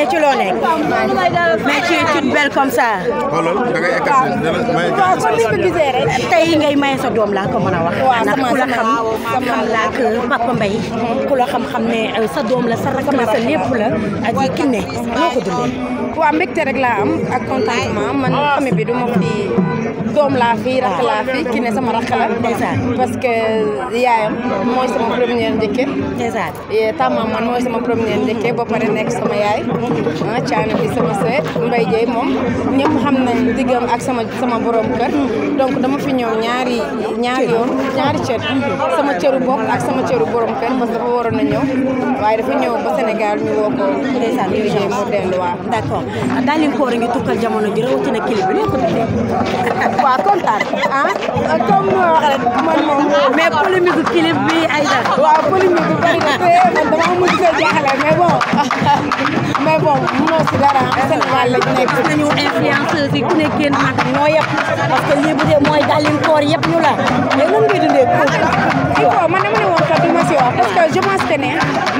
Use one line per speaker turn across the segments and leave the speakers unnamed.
mais ci loo nekk mais ci ci belle comme tey ngay maye sa doom laa ko mën a wax. ndax ku ku la xam-xam ne euh, sa doom la sa rakk la lépp la ak yi ki ko ah. du laa fi rakk ah. laa fi ki sama rakk la. parce que yaayam mooy sama première njëkke. ndeysaan tàmmam man mooy sama première njëkke ba pare nekk sama yaay. Ah, caana bi sama sœur Mbaye Dieye moom ñëpp xam nañ diggam ak sama sama borom kër donc dama fi ñëw ñaari ñaari yoon ñaari cër sama cëru bopp ak sama cëru borom parce que dafa waroon a ñëw waaye dafa ñëw ba Sénégal ñu woo ko ndeysaan liggéey mu dellu waaw d'accord daal leen koor a ngi tukkal jamono ji rawatina clip bi ko tuddee waaw kontaan ah comme euh, man moom mais polémique clip bi ay dara waaw polémique bi bari na man dama mujj ko mais bon mais bon mënoo si dara seen wàll lañ nañu influenceuse ku ne génn nag ñoo yëpp mooy dàllin koor ñu la mais nu mu ngi dundee kii ko man dama woon que du ma si wax parce que je pense que ne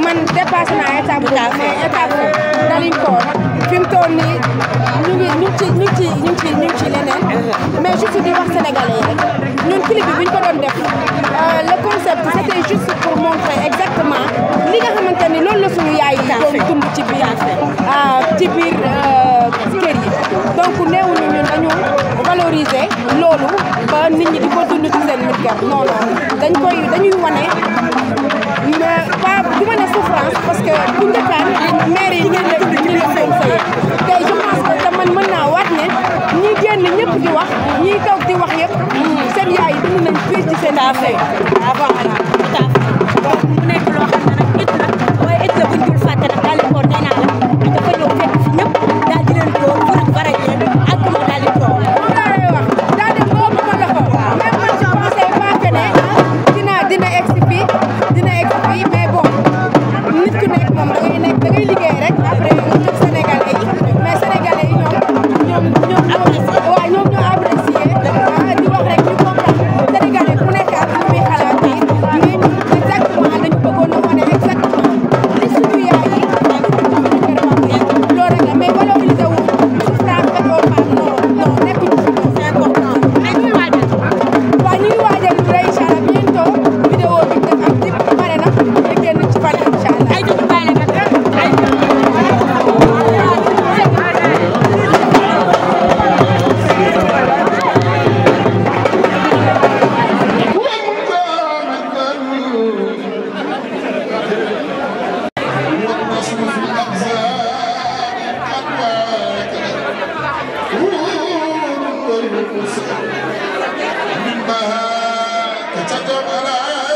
man dépassé naa étape boobu mais étape dàllin koor fi mu toll loolu la suñu yaay yi doon ci biir ah, ci euh, kër yi donc néewuñu ñun dañu valoriser loolu ba nit ñi di ko dund ci seen nit kër non koy dañuy wane mais pas du souffrance parce que bu njëkkaan maire yi ngeen dund seen sëy tey je pense que te man mën naa waat ne ñi génn ñëpp di wax ñi toog di wax yëpp seen yaay yi dund nañ fii ci seen affaire avant mu من بها كتب على